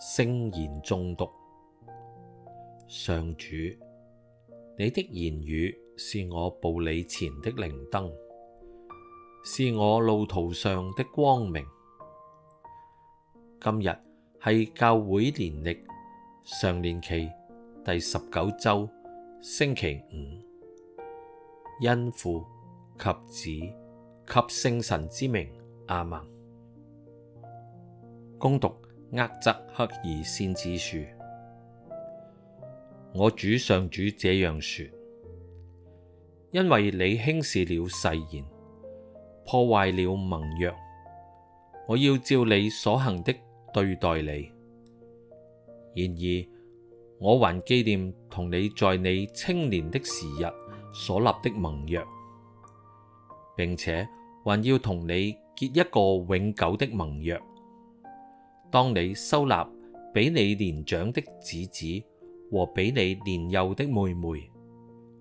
聖言誦讀，上主，你的言語是我步履前的靈燈，是我路途上的光明，今日。係教會年曆常年期第十九周星期五，因父及子及聖神之名，阿門。恭讀厄則克耳先知書，我主上主這樣說：因為你輕視了誓言，破壞了盟約，我要照你所行的。對待你。然而，我還紀念同你在你青年的時日所立的盟約，並且還要同你結一個永久的盟約。當你收納比你年長的姐姐和比你年幼的妹妹，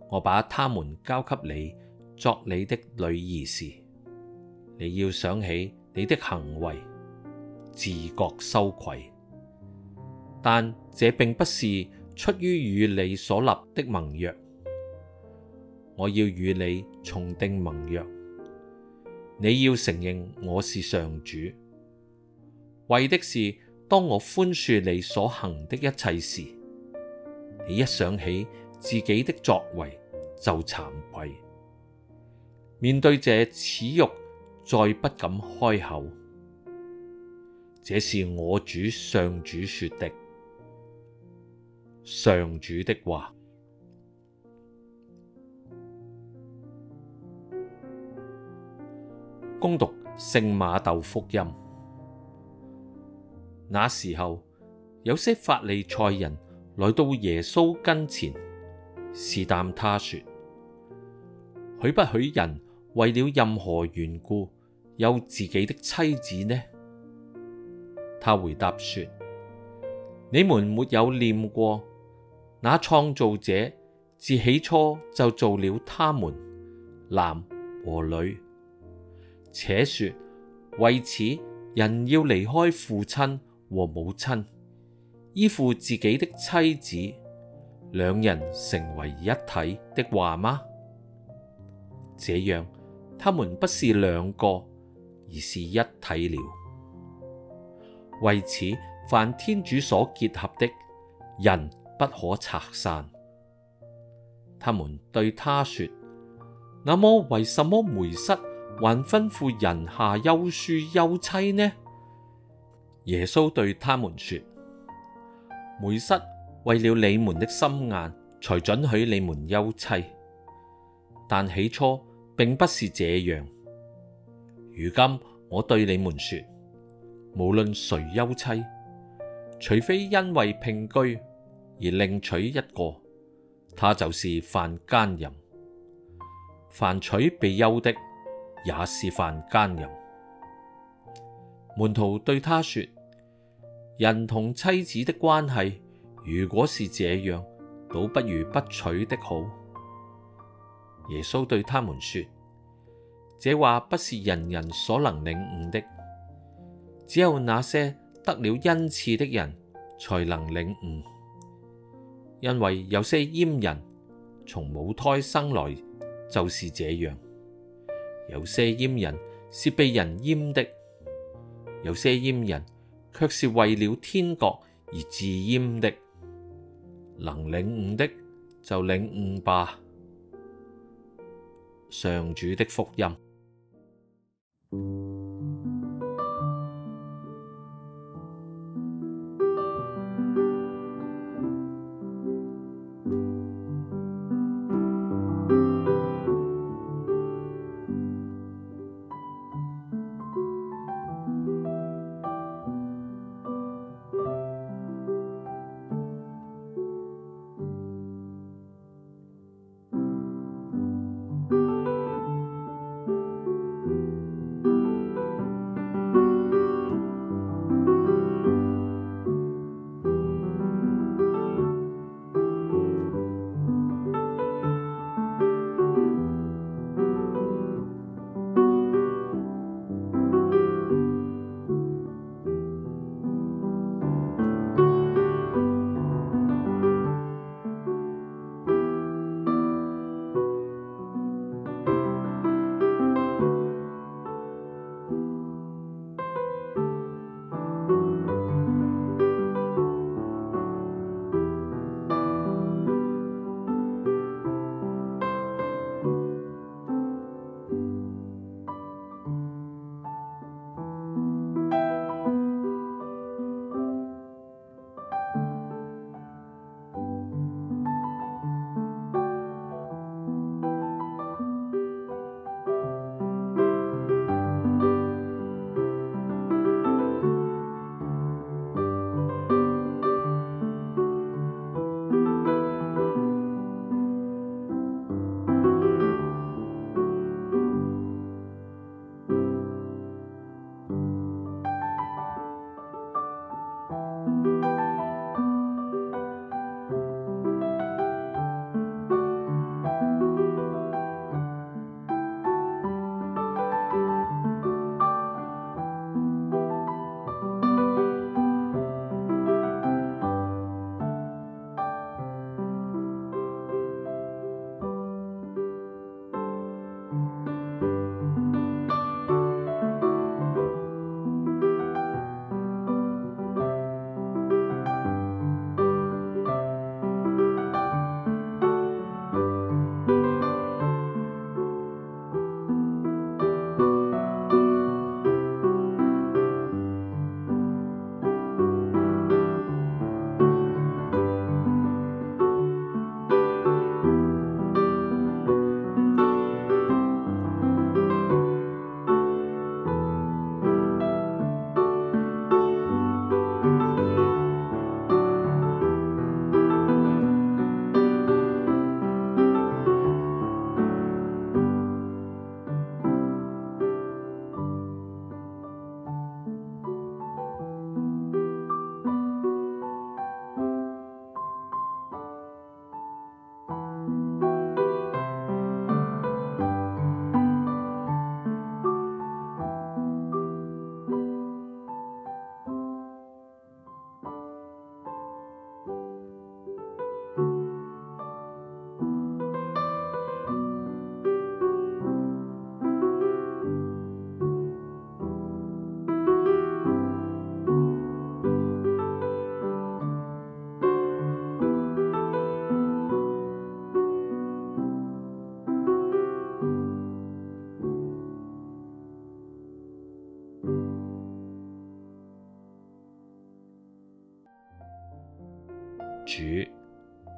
我把她們交給你作你的女兒時，你要想起你的行為。自覺羞愧，但這並不是出於與你所立的盟約。我要與你重訂盟約，你要承認我是上主，為的是當我寬恕你所行的一切時，你一想起自己的作為就慚愧，面對這恥辱，再不敢開口。這是我主上主說的，上主的話。恭讀聖瑪竇福音。那時候，有些法利賽人來到耶穌跟前，試探他說：許不許人為了任何緣故，休自己的妻子呢？他回答說：你們沒有念過，那創造者自起初就造了他們，男和女，且說，為此人要離開父親和母親，依附自己的妻子，兩人成為一體的話嗎？這樣，他們不是兩個，而是一體了。為此，凡天主所結合的，人不可拆散。他們對他說：那麼為什麼梅瑟還吩咐人下休書休妻呢？耶穌對他們說：梅瑟為了你們的心硬，才准許你們休妻，但起初並不是這樣。如今我對你們說。無論誰休妻，除非因為姘居而另娶一個，他就是犯奸淫；凡娶被休的，也是犯奸淫。門徒對他說：人同妻子的關係，如果是這樣，倒不如不娶的好。耶穌對他們說：這話不是人人所能領悟的。只有那些得了恩賜的人才能領悟，因為有些閹人從母胎生來就是這樣，有些閹人是被人閹的，有些閹人卻是為了天國而自閹的。能領悟的就領悟吧。上主的福音。